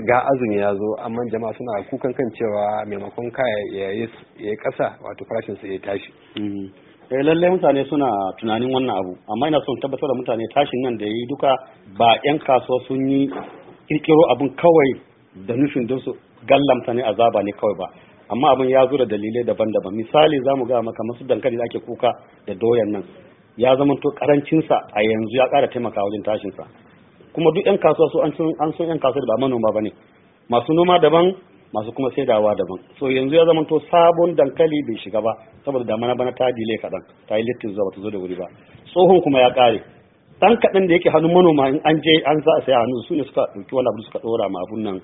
ga azumi ya zo amma jama'a suna kukan kan cewa maimakon kaya ya yi kasa wato farashin su ya tashi mm. eh lallai mutane suna tunanin wannan abu amma ina son tabbatar da mutane tashin nan da yi duka ba yan kasuwa sun yi kirkiro abin kawai da nufin don su gallamta ne azaba ne kawai ba amma abin ya zo da dalilai daban-daban misali za mu ga maka masu dankali da ake kuka da doyan nan ya zama to karancinsa a yanzu ya ƙara taimaka wajen tashinsa kuma duk yan kasuwa su an sun yan kasuwa da ba manoma ba ne masu noma daban masu kuma saidawa daban so yanzu ya zamanto sabon dankali bai shiga ba saboda damana bana ta dile kaɗan ta yi littin zuwa ta zo da wuri ba tsohon kuma ya ƙare dan kaɗan da yake hannun manoma in an je an za a saya hannu su ne suka ɗauki wani abu suka ɗora ma abun nan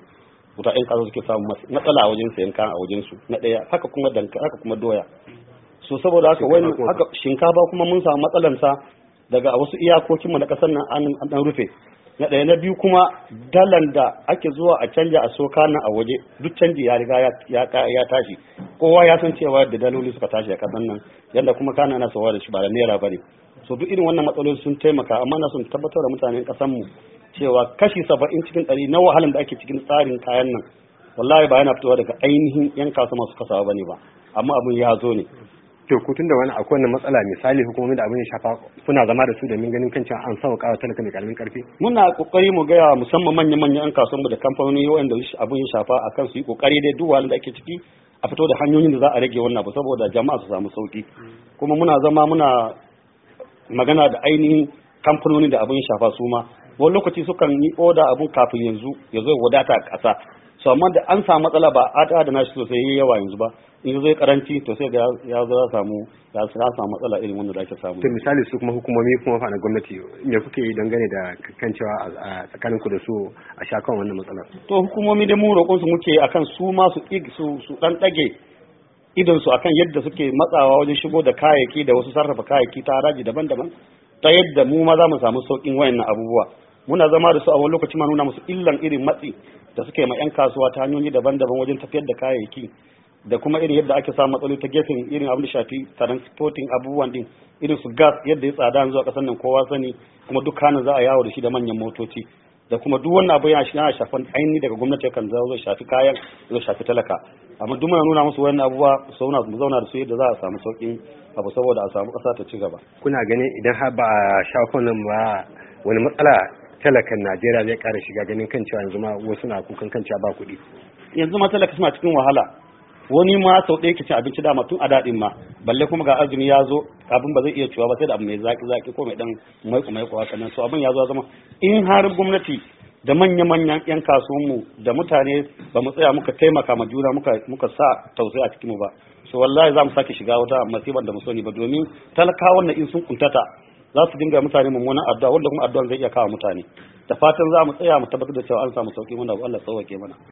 wuta ɗan kasuwa suke samun matsala a wajen sayan kan a wajen su na ɗaya haka kuma dankali haka kuma doya so saboda haka wani haka shinkafa kuma mun samu matsalansa daga wasu iyakokinmu na ƙasar nan an rufe na ɗaya na biyu kuma dalan da ake zuwa a canja a soka nan a waje duk canji ya riga ya tashi kowa ya san cewa da daloli suka tashi a kasan nan yadda kuma kana na sawa da shi ba da naira bane so duk irin wannan matsaloli sun taimaka amma na sun tabbatar da mutanen kasanmu mu cewa kashi saba'in cikin ɗari na wahalan da ake cikin tsarin kayan nan wallahi ba yana fitowa daga ainihin yan kasuwa masu kasawa ba ne ba amma abin ya zo ne to da tunda wani akwai wannan matsala misali hukumomi da abin ya shafa kuna zama da su da min ganin kanci an sauka wa talaka mai karamin karfi muna kokari mu gaya musamman manyan manyan an kasuwan da kamfanoni wanda abin ya shafa akan su yi kokari dai duk da ake ciki a fito da hanyoyin da za a rage wannan ba saboda jama'a su samu sauki kuma muna zama muna magana da ainihin kamfanoni da abin ya shafa su ma wani lokaci sukan yi oda abun kafin yanzu ya zo wadata a ƙasa so amma da an samu matsala ba a ta na shi sosai yayi yawa yanzu ba in zai karanci to sai ga ya zo ya samu ya samu matsala irin wanda da ake samu to misali su kuma hukumomi kuma fa na gwamnati me kuke yi dangane da kan cewa a tsakaninku da su a sha kan wannan matsalar to hukumomi da mu roƙon su muke akan su ma su su su dan dage idon su akan yadda suke matsawa wajen shigo da kayayyaki da wasu sarrafa kayayyaki ta haraji daban-daban ta yadda mu ma za mu samu sauƙin wayannan abubuwa muna zama da su a wani lokaci ma nuna musu illan irin matsi da suke ma yan kasuwa ta hanyoyi daban-daban wajen tafiyar da kayayyaki da kuma irin yadda ake samu matsaloli ta gefen irin abin da shafi transporting abubuwan din irin su gas yadda ya tsada zuwa kasan nan kowa sani kuma dukkanin za a yawo da shi da manyan motoci da kuma duk wannan abu yana shiga shafan aini daga gwamnati kan zo shafi kayan zai shafi talaka amma duk muna nuna musu wannan abubuwa su zauna mu zauna da su yadda za a samu saukin abu saboda a samu kasa ta ci gaba kuna gani idan har ba shafunan ba wani matsala talakan najeriya zai kara shiga ganin kan cewa yanzu ma wasu na kukan kan cewa ba kuɗi yanzu ma talaka suna cikin wahala wani ma sau ɗaya ke cin abinci dama tun a daɗin ma balle kuma ga azumi ya zo abin ba zai iya cewa ba sai da abu mai zaki zaki ko mai dan maiko maiko haka nan so abin ya zo zama in har gwamnati da manya-manyan 'yan kasuwanmu da mutane ba mu tsaya muka taimaka ma juna muka sa tausayi a cikin mu ba so wallahi za mu sake shiga wata masiban da mu sani ba domin talakawan na in sun kuntata za su dinga mutane mummunan addu'a wanda kuma addu'an zai iya kawo mutane da fatan za mu tsaya mu tabbatar da cewa an samu sauki muna Allah sauke mana